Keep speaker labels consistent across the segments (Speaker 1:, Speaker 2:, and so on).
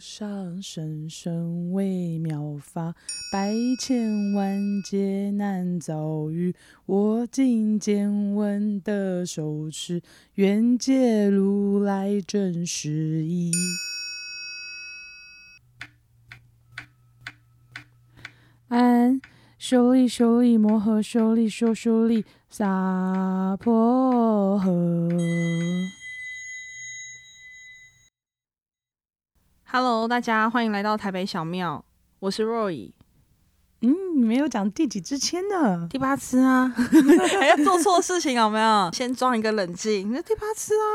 Speaker 1: 上甚深微妙法，百千萬劫難遭遇。我今見聞得受持，願解如來真實義。唵，修利修利摩訶修利修修利，薩婆訶。
Speaker 2: Hello，大家歡迎來到台北小廟，我是 Roy。嗯，沒有講第幾支籤呢？第八支啊， 還要做錯事情有 沒有？先裝一個冷靜。那第八支啊，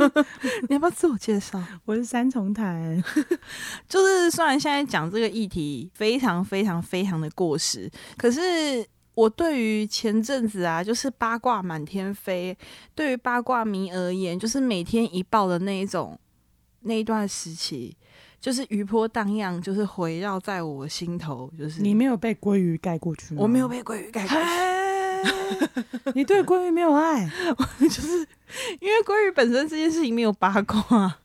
Speaker 2: 你要不要自我介紹？ 我是三重台， 就是雖然現在講這個議題非常非常非常的過時，可是我對於前陣子啊，就是八卦滿天飛，對於八卦迷而言，就是每天一爆的那一種那一段時期。就是餘波盪漾，就是迴繞在我心頭。就是沒你沒有被鮭魚蓋過去嗎？我沒有被鮭魚蓋過去。 你對鮭魚沒有愛， 就是因為鮭魚本身這件事情沒有八卦啊，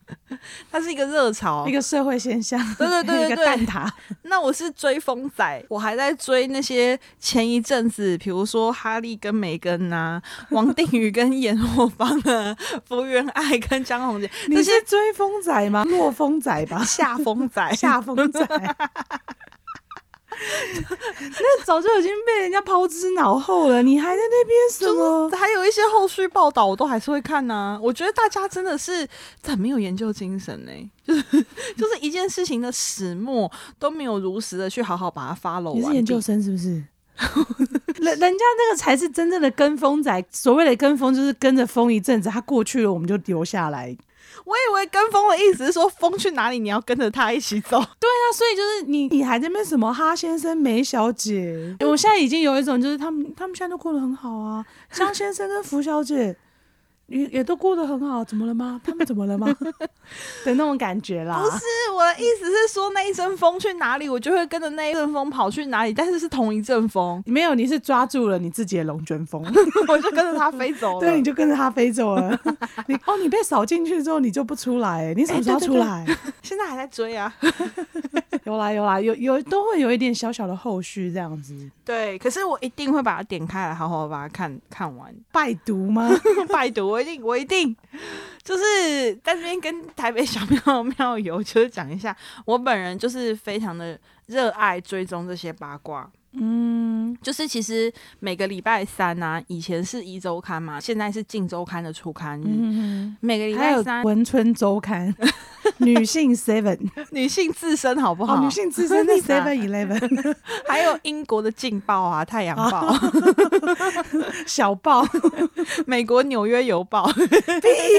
Speaker 2: 它是一個熱潮， 一個
Speaker 1: 社會現象。對對對對對， 一個蛋撻。
Speaker 2: 那我是追風仔，我還在追那些前一陣子，比如說哈利跟梅根啊，王定宇跟顏若芳啊，福原愛跟江宏傑，你是
Speaker 1: 追風仔嗎？落風仔吧，下 風仔，下 風仔。
Speaker 2: 那早就已經被人家拋之腦後了，你還在那邊什麼？還有一些後續報道，我都還是會看吶、啊。我覺得大家真的是很沒有研究精神呢、欸，就是就是一件事情的始末都沒有如實的去好好把它 follow 完。你是研究生是不是？ 人人家那個才是真正的
Speaker 1: 跟風仔。所謂的跟風，就是跟着風一陣子，它過去了，我們就丟下來。我以為跟風的意思是說，風去哪裡，你要跟着他一起走。 對啊，所以就是你，你還在問什麼哈先生、梅小姐、欸？我現在已經有一種，就是他們，他們現在都過得很好啊。江先生跟福小姐。 也也都過得很好，怎麼了嗎？他們怎麼了嗎？的 那種感覺啦。不是，
Speaker 2: 我的意思是說，那一陣風去哪裡，我就會跟着那一陣風跑去哪裡。但是是同一陣風，沒有，你是抓住了你自己的龍捲風， 我就跟着它飛走了。對，
Speaker 1: 你就跟着它飛走了。 你哦，你被掃進去之後，你就不出來、欸，你什麼時候出來？
Speaker 2: 現在還在追啊。
Speaker 1: 有啦有啦有有，都會有一點小小的後續這樣子，
Speaker 2: 對，可是我一定會把它點開來，好好把它看看完，拜讀嗎？ 拜讀，我一定我一定，就是在這邊跟台北小廟廟友，就是講一下，我本人就是非常的熱愛追蹤這些八卦，嗯，就是其實每個禮拜三啊，以前是壹週刊嘛，現在是鏡週刊的初刊，嗯哼哼，每個禮拜三還有文
Speaker 1: 春周刊。 女性 Seven，
Speaker 2: 女性自身好不好？哦、女性自身的 Seven Eleven， 你哪 還有英國的《勁爆啊，《太陽報》啊、 小報 美國《紐約郵報》。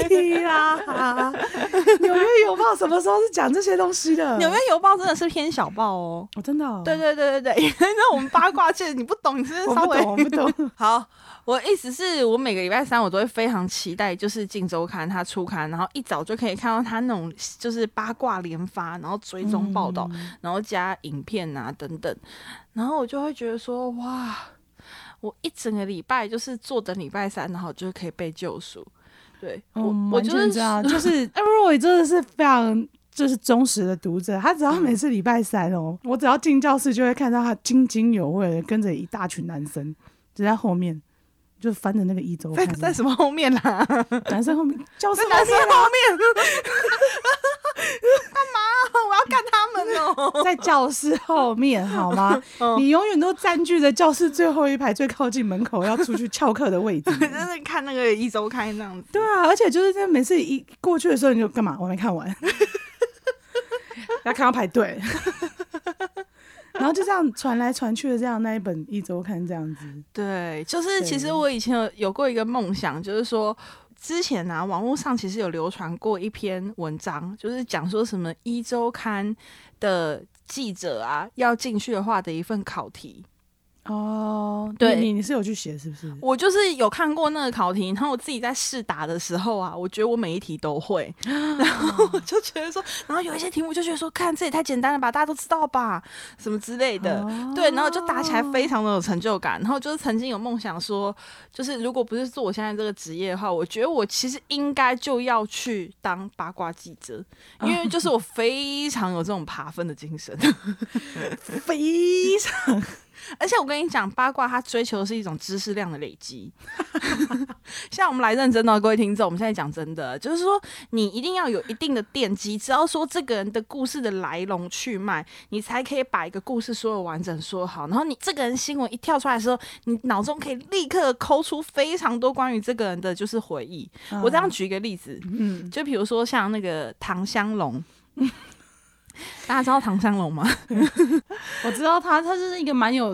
Speaker 2: 屁啦！啊，《紐約郵報》什麼時候是講這些東西的？ 《紐約郵報》真的是偏小報哦。Oh, 真的、哦。對對對對對， 那我們八卦界，你不懂，你真的稍微我不懂。我不懂 好。我意思是我每個禮拜三我都會非常期待，就是《鏡周刊》他出刊，然後一早就可以看到他那種就是八卦連發，然後追蹤報道、嗯，然後加影片啊等等，然後我就會覺得說哇，我一整個禮拜就是坐等禮拜三，然後就可以被救贖。對，我、嗯我就是，完全知
Speaker 1: 道，就是 Roy、 欸、真的是非常就是忠實的讀者，他只要每次禮拜三哦，嗯、我只要進教室就會看到他津津有味的跟着一大群男生就在後面。就翻着那個壹週刊，在在什麼後面啦？啊？男生後面，教室男生後面，幹 嘛？啊？我要幹他們哦！在教室後面，好嗎？哦，你永遠都占據着教室最後一排最靠近門口要出去翹課的位置。
Speaker 2: 真 的看那個壹週刊那樣子。
Speaker 1: 對啊，而且就是在每次一過去的時候你就幹嘛？我沒看完，要 看到排隊。 然後就這樣傳來傳去的，這樣那一本一週刊這樣子。
Speaker 2: 對，就是其實我以前有有過一個夢想，就是說之前啊，網路上其實有流傳過一篇文章，就是講說什麼一週刊的記者啊要進去的話的一份考題。哦、oh，對，你你，你是有去寫是不是？我就是有看過那個考題，然後我自己在試答的時候啊，我覺得我每一題都會，然後我就覺得說，然後有一些題目就覺得說，看這也太簡單了吧，大家都知道吧，什麼之類的，oh。對，然後就答起來非常的有成就感，然後就是曾經有夢想說，就是如果不是做我現在這個職業的話，我覺得我其實應該就要去當八卦記者，因為就是我非常有這種扒糞的精神，oh。 非常。而且我跟你講，八卦它追求的是一種知識量的累積。 像我們來認真的，各位聽眾，我們現在講真的，就是說你一定要有一定的奠基，只要說這個人的故事的來龍去脈，你才可以把一個故事說的完整說好。然後你這個人新聞一跳出來的時候，你腦中可以立刻摳出非常多關於這個人的就是回憶、嗯。我這樣舉一個例子，嗯、就比如說像那個唐湘龍。嗯大家知道唐三龍嗎？ 我知道他，他是一個蠻有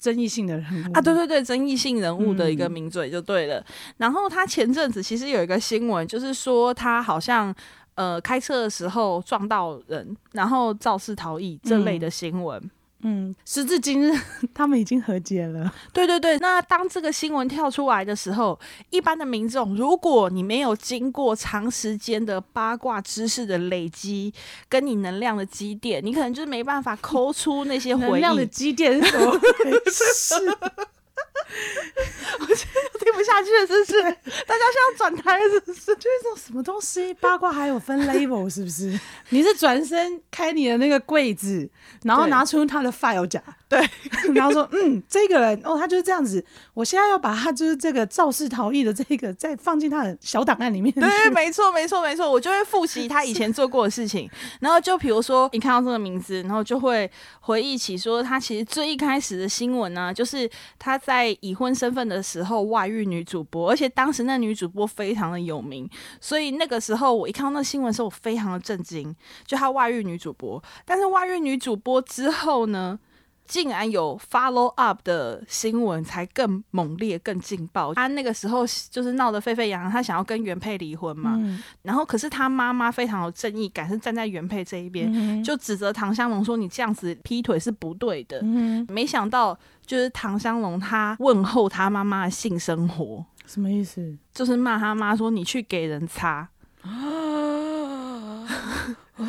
Speaker 2: 爭議性的人物的啊。對對對，爭議性人物的一個名嘴就對了。嗯、然後他前陣子其實有一個新聞，就是說他好像呃開車的時候撞到人，然後肇事逃逸這類的新聞。嗯嗯，時至今日，他們已經和解了。 對對對，那當這個新聞跳出來的時候，一般的民眾，如果你沒有經過長時間的八卦知識的累積，跟你能量的積澱，你可能就是沒辦法摳出那些回 能量的積澱。是。
Speaker 1: 我聽不下去了，是不是？大家現在轉台了是不是？是就是這種什麼東西八卦，還有分 label，是不是？ 你是轉身開你的那個櫃子，然後拿出他的 file 夾。對， 然後說，嗯，這個人哦，他就是這樣子。我現在要把他就是這個肇事逃逸的這個再放進他的小檔案裡面。對，沒
Speaker 2: 錯，沒錯，沒錯。我就會複習他以前做過的事情。 然後就比如說，你看到這個名字，然後就會回憶起說，他其實最一開始的新聞呢、啊，就是他在已婚身份的時候外遇女主播，而且當時那女主播非常的有名，所以那個時候我一看到那個新聞的時候，我非常的震驚，就他外遇女主播。但是外遇女主播之後呢？竟然有 follow up 的新聞才更猛烈、更勁爆。他那個時候就是鬧得沸沸揚揚，他想要跟原配離婚嘛。嗯、然後，可是他媽媽非常有正義感，是站在原配這一邊、嗯，就指責唐湘龍說：“你這樣子劈腿是不對的。嗯”沒想到，就是唐湘龍他問候他媽媽的性生活，什麼意思？就是罵他媽說：“你去給人擦。啊”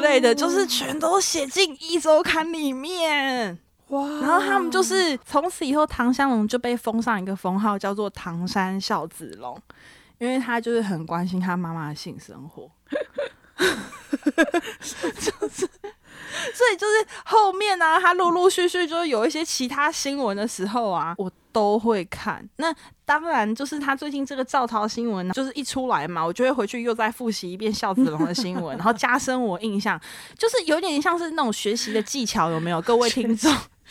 Speaker 2: 之類的，就是全都寫進壹週刊裡面哇，然後他們就是從此以後，唐湘龍就被封上一個封號，叫做“唐山孝子龍”，因為他就是很關心他媽媽的性生活， 就是，所以就是後面呢、啊，他陸陸續續就有一些其他新聞的時候啊，我都會看那。當然，就是他最近這個趙濤新聞，就是一出來嘛，我就會回去又再複習一遍孝子龍的新聞，然後加深我印象， 就是有點像是那種學習的技巧，有沒有，各位聽眾？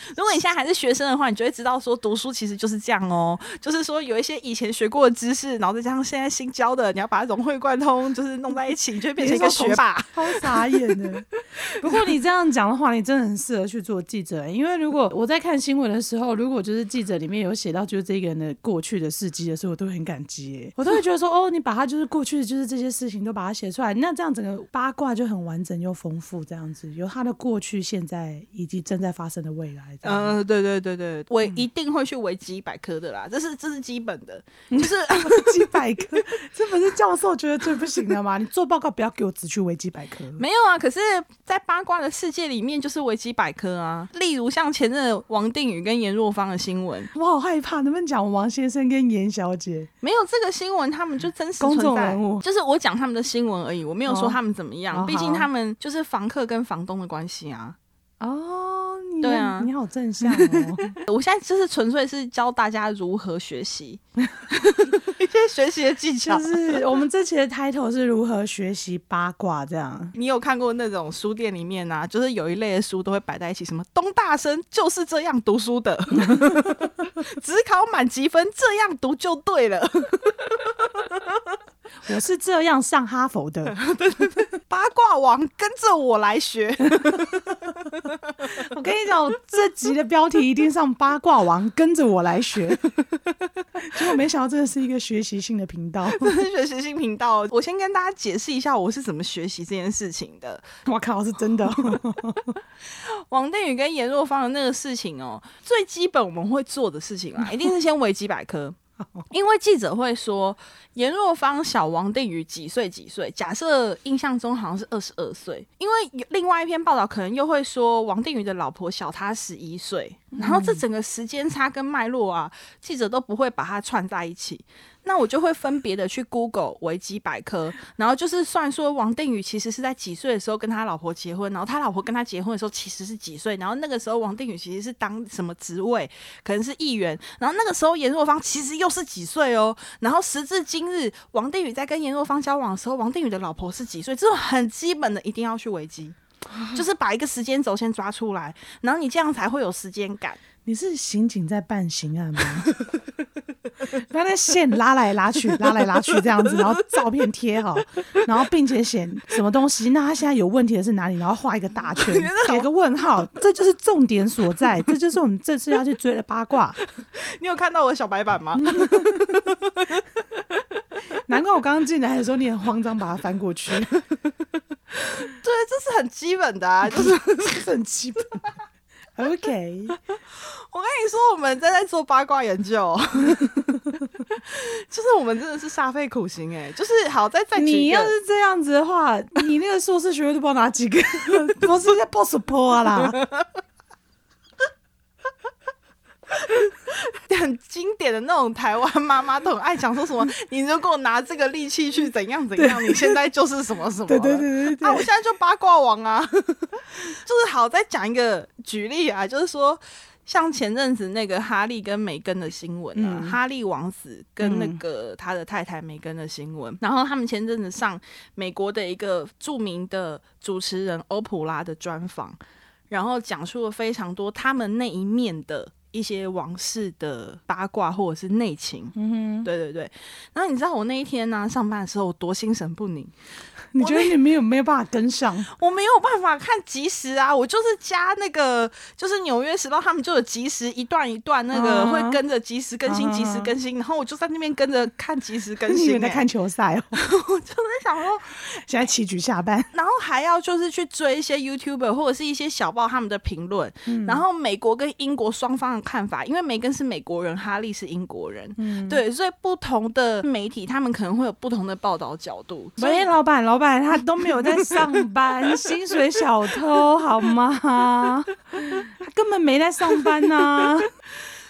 Speaker 2: 如果你現在還是學生的話，你就會知道說讀書其實就是這樣哦、喔，就是說有一些以前學過的知識，然後再加上現在新教的，你要把它融會貫通，就是弄在一起，你就會變成一個學霸，好 傻眼的。 不過你這樣講的話，你真的很適合
Speaker 1: 去做記者、欸，因為如果我在看新聞的時候，如果就是記者裡面有寫到就是這個人的過去的事蹟的時候，我都很感激、欸，我都會覺得說哦，你把他就是過去的，就是這些事情都把它寫出來，那這樣整個八卦就很完整又豐富，這樣子有他的過去、現在以及正在發生的未來。
Speaker 2: 嗯、呃，對對對對，我一定會去維基百科的啦，嗯、這是這是基本的。
Speaker 1: 不、就是維基 百科，這不是教授覺得最不行的嗎？你做報告不要給我只去維基百科。
Speaker 2: 沒有啊，可是，在八卦的世界裡面，就是維基百科啊。例如像前任王定宇跟顏若芳的新聞，
Speaker 1: 我好害怕，能不能講王先生跟顏小姐？沒有這個新聞，他們就真實存在，公眾人物
Speaker 2: 就是我講他們的新聞而已，我沒有說他們怎麼樣。畢、哦、竟他們就是房客跟房東的關係啊。對啊，你好正向哦！ 我現在就是純粹是教大家如何學習 一些學習的技巧，就是我們這期的 title 是如何學
Speaker 1: 習八卦這樣。
Speaker 2: 你有看過那種書店裡面啊，就是有一類的書都會擺在一起，什麼東大生就是這樣讀書的， 只考滿級分這樣讀就對了。 我是這樣上哈佛的，
Speaker 1: 八卦王跟着我來學。
Speaker 2: 我跟你講，這集
Speaker 1: 的標題一定上八卦王跟着我來學。結果沒想到，這個是一個學習性的頻道，是學
Speaker 2: 習性頻道。我先跟大家解釋一下，我是怎麼學習這件事情的。我靠，是真的。 王定宇跟顏若芳的那個事情哦，最基本我們會做的事情啊，一定是先維基百科。因為記者會說顏若芳、小王定宇幾歲幾歲？假設印象中好像是二十二歲，因為有另外一篇報道可能又會說王定宇的老婆小他十一歲，然後這整個時間差跟脈絡啊，記者都不會把它串在一起。那我就會分別的去 Google 維基百科，然後就是算說王定宇其實是在幾歲的時候跟他老婆結婚，然後他老婆跟他結婚的時候其實是幾歲，然後那個時候王定宇其實是當什麼職位，可能是議員，然後那個時候顏若芳其實又是幾歲哦，然後時至今日王定宇在跟顏若芳交往的時候，王定宇的老婆是幾歲，這種很基本的一定要去維基，就是把一個時間軸先抓出來，然後你這樣才會有時間感。
Speaker 1: 你是刑警在辦刑案嗎？ 把那線拉來拉去，拉來拉去這樣子，然後照片貼好，然後並且寫什麼東西。那他現在有問題的是哪裡？然後畫一個大圈，給個問號，這就是重點所在，這就是我們這次要去追的八卦。
Speaker 2: 你有看到我的小白板嗎？ 難
Speaker 1: 怪我剛剛進來的時候你很慌張，把它翻過去。
Speaker 2: 對，這是很基本的啊，就 是很基本。OK，我跟你說，我們在在做八卦研究 就是我們真的是煞費苦心哎、欸，就是好在在，你要是這
Speaker 1: 樣子的話，你那個碩士學位都報哪幾個？ 是 o s 應該報 support 啦。
Speaker 2: 很經典的那種台灣媽媽都很愛講，說什麼你如果拿這個力氣去怎樣怎樣，你現在就是什麼什麼。對對對對，啊，我現在就八卦王啊。就是好。再講一個舉例啊，就是說像前陣子那個哈利跟梅根的新聞啊，哈利王子跟那個他的太太梅根的新聞，然後他們前陣子上美國的一個著名的主持人歐普拉的專訪，然後講述了非常多他們那一面的。一些王室的八卦或者是內情，嗯哼，對對對。然後你知道我那一天呢、啊、上班的時候我多心神不寧，你覺得你沒有沒有辦法跟上我？我沒有辦法看即時啊，我就是加那個就是紐約時報，他們就有即時一段一段那個會跟着即時更新、啊，即時更新。然後我就在那邊跟着看即時更新、欸。你在看球賽哦？ 我就在想說，
Speaker 1: 現在七局下半，
Speaker 2: 然後還要就是去追一些 YouTuber 或者是一些小報他們的評論、嗯，然後美國跟英國雙方的看法。因為梅根是美國人，哈利是英國人，嗯、對，所以不同的媒體，他們可能會有不同的報道角度。所以
Speaker 1: 老板，老板他都沒有在上班，薪 水小偷好嗎？ 他
Speaker 2: 根本沒在上班吶、啊！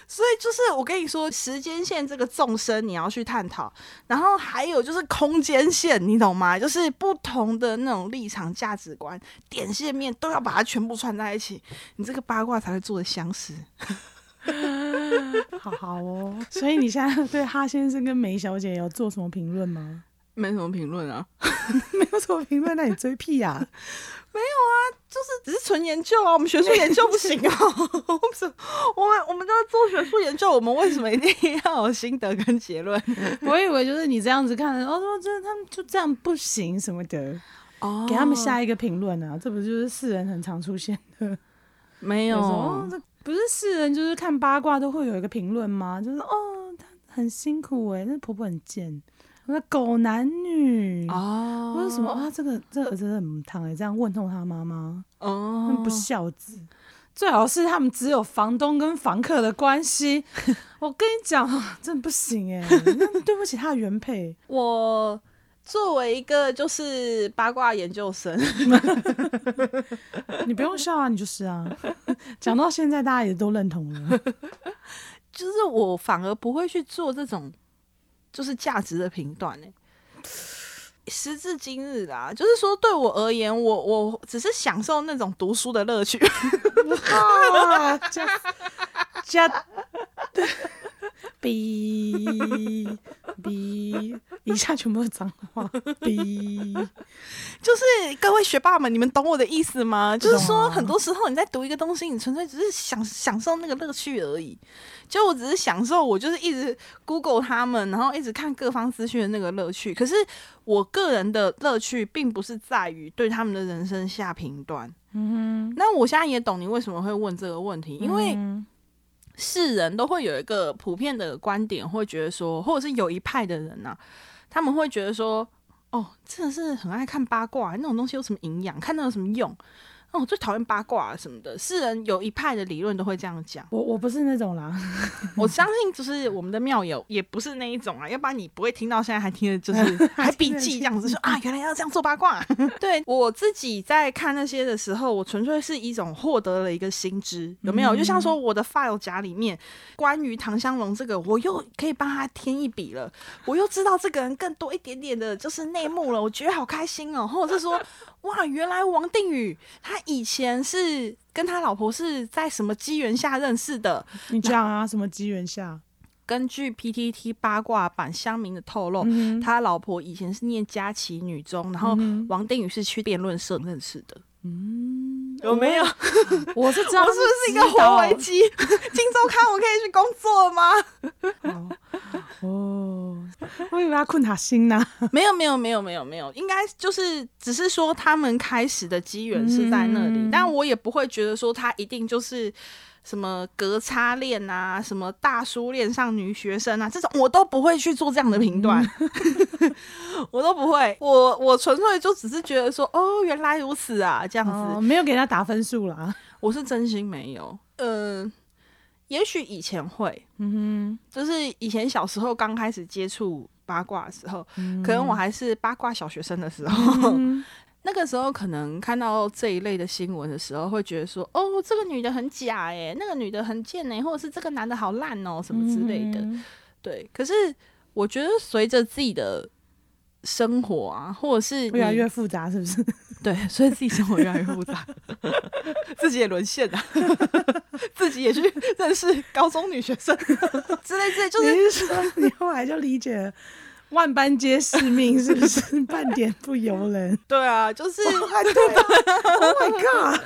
Speaker 2: 所以就是我跟你說，時間線這個縱深你要去探討，然後還有就是空間線，你懂嗎？就是不同的那種立場、價值觀、點線面都要把它全部串在一起，你這個八卦才會做得相似。 好好哦，所以你現
Speaker 1: 在對哈先生跟梅小姐有做什麼評論嗎？
Speaker 2: 沒什麼評論啊， 沒有什麼評論、啊，那你追屁呀、啊？ 沒有啊，就是只是純研究啊，我們學術研究不行啊， 我，我們我們我們都在做學術研究，我們為什麼一定要有心
Speaker 1: 得跟結論？ 我以為就是你這樣子看，我、哦、說真的，他們就這樣不行什麼的、哦，給他們下一個評論啊？這不就是世人很常出現的？
Speaker 2: 沒有。有什
Speaker 1: 麼 不是世人就是看八卦都會有一個評論嗎？就是哦，他很辛苦誒、欸。那婆婆很賤，那狗男女啊。為、哦、什麼啊，哦、他這個這個兒子很疼誒、欸。這樣問候他媽媽哦，他不孝子，最好是他們只有房東跟房客的關係。 我跟你講，真的不行誒、欸。對不起他的原配
Speaker 2: 我。作為一個就是八卦研究生， 你不用笑啊，你就是啊。講到現在，大家也都認同了。就是我反而不會去做這種，就是價值的評斷呢。時至今日啦，就是說，對我而言，我我只是享受那種讀書的樂趣。哈哈哈嗶一下全部是髒話。嗶， 就是各位學霸們，你們懂我的意思嗎、啊？就是說，很多時候你在讀一個東西，你純粹只是享享受那個樂趣而已。就我只是享受，我就是一直 Google 他們，然後一直看各方資訊的那個樂趣。可是，我個人的樂趣並不是在於對他們的人生下評斷。嗯哼，那我現在也懂你為什麼會問這個問題，因為。嗯世人都會有一個普遍的觀點，會覺得說，或者是有一派的人吶、啊，他們會覺得說，哦，真的是很愛看八卦，那種東西有什麼營養？看到有什麼用？我最討厭八卦啊，什麼的，世人有一派的理論都會這樣講。我我不是那種啦， 我相信就是我們的廟友也不是那一種啊，要不然你不會聽到現在還聽的就是還筆記這樣子說 啊，原來要這樣做八卦、啊。 對，我自己在看那些的時候，我純粹是一種獲得了一個新知，有沒有、嗯？就像說我的 file 夾裡面關於唐香龍這個，我又可以幫他添一筆了，我又知道這個人更多一點點的就是內幕了，我覺得好開心哦，或者是說。哇，原來王定宇他以前是跟他老婆是在什麼機緣下認識的？你講啊，什麼機緣下、啊？根據 PTT 八卦版鄉民的透露、嗯，他老婆以前是念家齊女中、嗯，然後王定宇是去辯論社認識的。嗯，有沒有？我是知道 是不是一個活危機？今周 刊我可以去工作嗎？ 哦。我以為他困他心呢、啊，沒有沒有沒有沒有沒有，應該就是只是說他們開始的機緣是在那裡、嗯，但我也不會覺得說他一定就是什麼格差戀啊，什麼大叔戀上女學生啊，這種我都不會去做這樣的評斷，嗯、 我都不會，我我純粹就只是覺得說，哦，原來如此啊，這樣子，哦、我沒有給他打分數啦，我是真心沒有，嗯、呃。也許以前會，嗯哼，就是以前小時候剛開始接觸八卦的時候、嗯，可能我還是八卦小學生的時候，嗯、 那個時候可能看到這一類的新聞的時候，會覺得說，哦，這個女的很假哎、欸，那個女的很賤哎、欸，或者是這個男的好爛哦、喔，什麼之類的、嗯，對。可是我覺得隨着自己的生活啊，或者是越來越
Speaker 1: 複雜，是不是？ 對，所以自己生活越來越複雜，
Speaker 2: 自己也淪陷了、啊， 自己也去認識高中女學生 之類的之類，就是你，你
Speaker 1: 後來就理解了， 萬般皆是命，是不是半點不由人？
Speaker 2: 對啊，就是，對啊 ，Oh my god！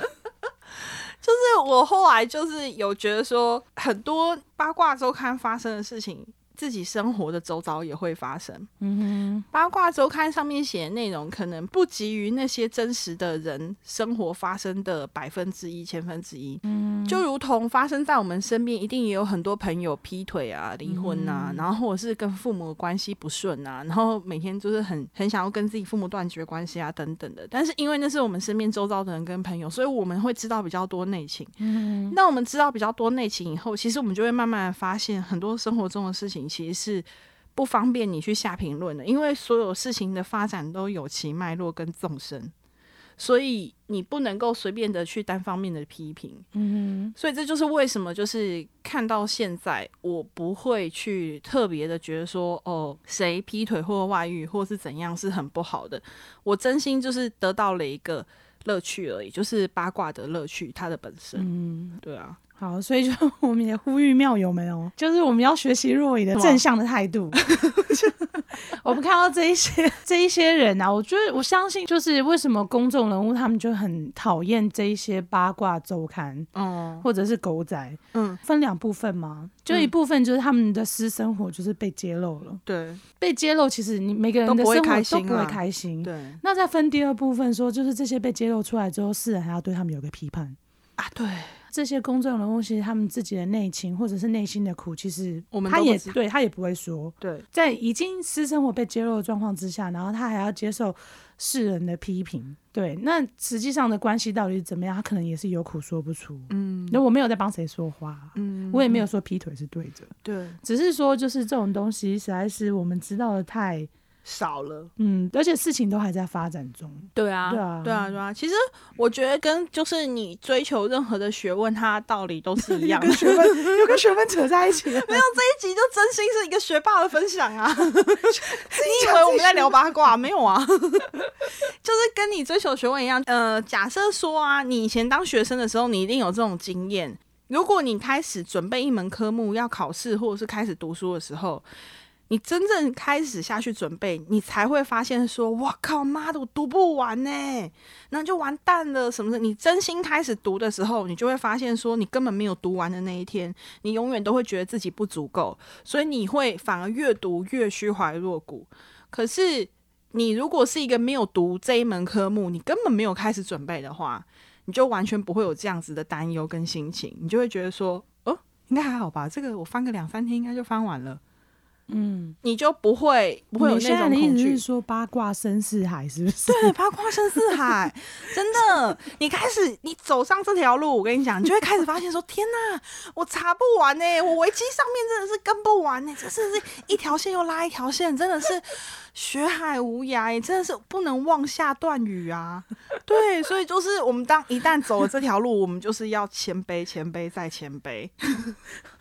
Speaker 2: 就是我後來就是有覺得說，很多八卦周刊發生的事情。自己生活的周遭，也會發生。八卦周刊上面寫的內容，可能不及於那些真實的人生活發生的百分之一、千分之一。嗯，就如同發生在我們身邊，一定也有很多朋友劈腿啊、離婚啊，然後或者是跟父母關係不順啊，然後每天就是很很想要跟自己父母斷絕關係啊，等等的。但是因為那是我們身邊周遭的人跟朋友，所以我們會知道比較多內情。那我們知道比較多內情以後，其實我們就會慢慢發現很多生活中的事情。其實是不方便你去下評論的，因為所有事情的發展都有其脈絡跟縱深，所以你不能夠隨便的去單方面的批評。嗯哼，所以這就是為什麼，就是看到現在，我不會去特別的覺得說，哦，誰劈腿或外遇或是怎樣是很不好的。我真心就是得到了一個樂趣而已，就是八卦的樂趣，它的本身。嗯，對啊。
Speaker 1: 好，所以就我們也呼籲廟友們哦，就是我們要學習若影的正向的態度。 我們看到這一些這一些人啊，我覺得我相信，就是為什麼公眾人物他們就很討厭這一些八卦周刊，哦、嗯，或者是狗仔，嗯，分兩部分嘛，就一部分就是他們的私生活就是被揭露了，對、嗯，被揭露，其實你每個人的生活都不會開心，開心啊、對。那再分第二部分，說就是這些被揭露出來之後，世人還要對他們有個批判啊，對。這些公眾人物其實他們自己的內情或者是內心的苦，其實他也對他也不會說。對，在已經私生活被揭露的狀況之下，然後他還要接受世人的批評，對，那實際上的關係到底怎麼樣，他可能也是有苦說不出。嗯，那我沒有在幫誰說話，嗯，我也沒有說劈腿是對的，對，只是說就是這種東西實在是我們知道的太少了，嗯，而且事情都還在發展中。
Speaker 2: 對啊，對啊，對啊，對啊。其實我覺得跟就是你追求任何的學問，它道理都是一樣的。。 學分跟學分扯在一起， 沒有這一集就真心是一個學霸的分享啊！你以為我們在聊八卦？沒有啊， 就是跟你追求學問一樣。呃，假設說啊，你以前當學生的時候，你一定有這種經驗。如果你開始準備一門科目要考試，或者是開始讀書的時候。你真正開始下去準備，你才會發現說：“我靠媽的，我讀不完呢、欸，那就完蛋了。”什麼的。你真心開始讀的時候，你就會發現說，你根本沒有讀完的那一天。你永遠都會覺得自己不足夠，所以你會反而越讀越虛懷若谷。可是，你如果是一個沒有讀這一門科目，你根本沒有開始準備的話，你就完全不會有這樣子的擔憂跟心情，你就會覺得說：“哦，應該還好吧，這個我翻個兩三天應該就翻完了。”嗯，你就不會不會有那種恐懼。現在的意思是
Speaker 1: 說八卦深似海，是不是？對，八
Speaker 2: 卦深似海， 真的。你開始你走上這條路，我跟你講，你就會開始發現說： 天哪，我查不完呢、欸，我維基上面真的是跟不完呢、欸，這是一條線又拉一條線，真的是學海無涯、欸，真的是不能妄下斷語啊。對，所以就是我們當一旦走了這條路， 我們就是要謙卑，謙卑再謙卑。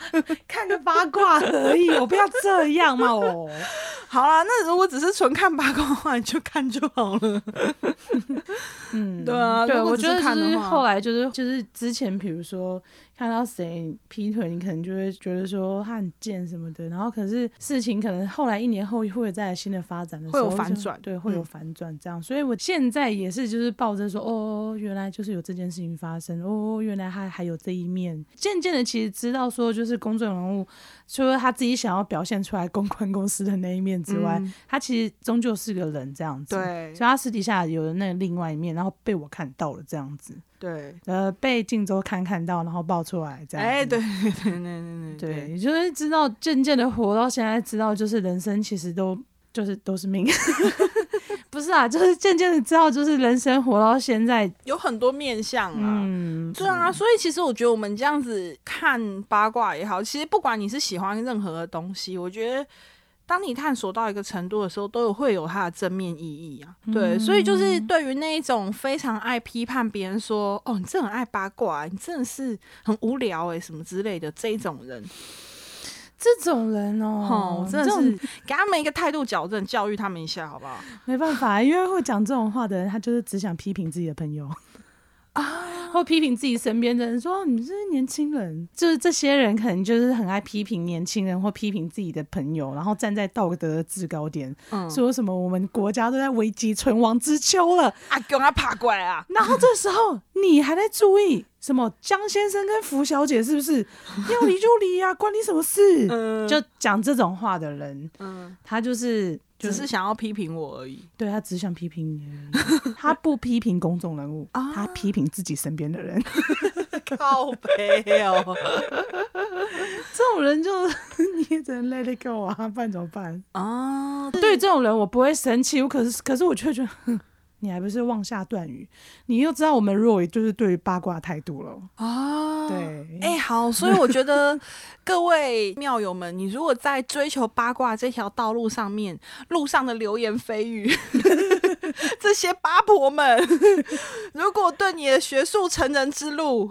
Speaker 2: 看個八卦而已， 我不要這樣嘛！我， 好啦、啊，那如果只是純看八卦的話，你就看就好了。 嗯，
Speaker 1: 對啊，對，對我覺得是後來就是就是之前，比如說，看到誰劈腿，你可能就會覺得說他很賤什麼的，然後可是事情可能後來一年後一會有在新的發展的時候會有反轉，就是，對，會有反轉這樣，嗯。所以我現在也是就是抱着說，哦，原來就是有這件事情發生，哦，原來他還有這一面。漸漸的，其實知道說就是公眾人物，除了他自己想要表現出來公關公司的那一面之外，嗯、他其實終究是個人這樣子。對，所以他私底下有的那另外一面，然後被我看到了這樣子。對，呃，被鏡週看看到，然後爆出來，這樣。哎、欸，對對對對對對，你就是知道漸漸的活到現在，知道就是人生其實都就是都是命，
Speaker 2: 不是啊，就是漸漸的知道就是人生活到現在有很多面相啊。嗯，對啊、嗯，所以其實我覺得我們這樣子看八卦也好，其實不管你是喜歡任何的東西，我覺得。當你探索到一個程度的時候，都有會有它的正面意義啊。對，嗯，所以就是對於那一種非常愛批判別人說，哦，你真的很愛八卦，你真的是很無聊誒、欸，什麼之類的這種人，這種人哦，哦真的是，真的是給他們一個態度矯正，教育他們一下，好不好？
Speaker 1: 沒辦法，因為會講這種話的人，他就是只想批評自己的朋友。啊，或批評自己身邊的人說，說你們這些年輕人，就是這些人，可能就是很愛批評年輕人，或批評自己的朋友，然後站在道德的制高點，嗯、說什麼我們國家都在危急存亡之秋了，
Speaker 2: 啊，阿共啊爬過來啊，然後
Speaker 1: 這時候你還在注意、嗯、什麼江先生跟福小姐是不是、嗯、要離就離呀、啊，關你什麼事？嗯、就講這種話的人，
Speaker 2: 嗯、
Speaker 1: 他就是。只是想
Speaker 2: 要批評我而已，
Speaker 1: 對，他只想批評你， 他不批評公眾人物，啊、他批評自己身邊的人，
Speaker 2: 啊、 靠北、喔，悲哦！這
Speaker 1: 種人就 你也只能 let it go 啊，辦怎麼辦啊？對這種人我不會生氣，我可是可是我卻覺得。你還不是妄下斷語，你又知道我們 Roy 就是對於八卦態度了
Speaker 2: 哦，對，哎、欸，好，所以我覺得 各位廟友們，你如果在追求八卦這條道路上面，路上的流言蜚語。 這些八婆們，如果對你的學術成人之路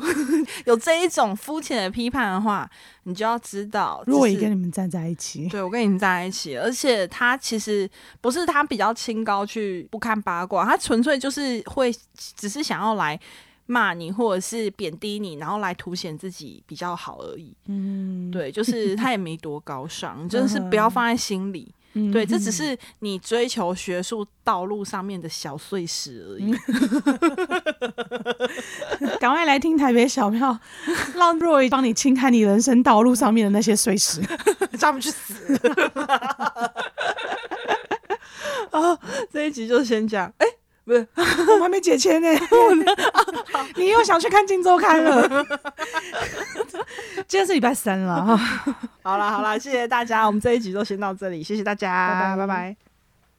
Speaker 2: 有這一種膚淺的批判的話，你就要知道，Roy 也跟你
Speaker 1: 們站在一起。
Speaker 2: 對，我跟你們站在一起，而且他其實不是他比較清高，去不看八卦，他純粹就是會只是想要來罵你，或者是貶低你，然後來凸顯自己比較好而已。嗯，對，就是他也沒多高尚， 真的是不要放在心裡。嗯、對，這只是你追求學術道路上面的小碎石而已。
Speaker 1: 趕、嗯、 快來聽台北小廟，讓 Roy 幫你清開你人生道路上面的那些碎石，讓他們去死。
Speaker 2: 啊， 這一集就先講，哎、欸。不是，我還沒解籤呢。你又想去看鏡週刊了？ 今天是禮拜三了。 好啦好啦，謝謝大家，我們這一集就先到這裡，謝謝大家， 拜拜拜拜。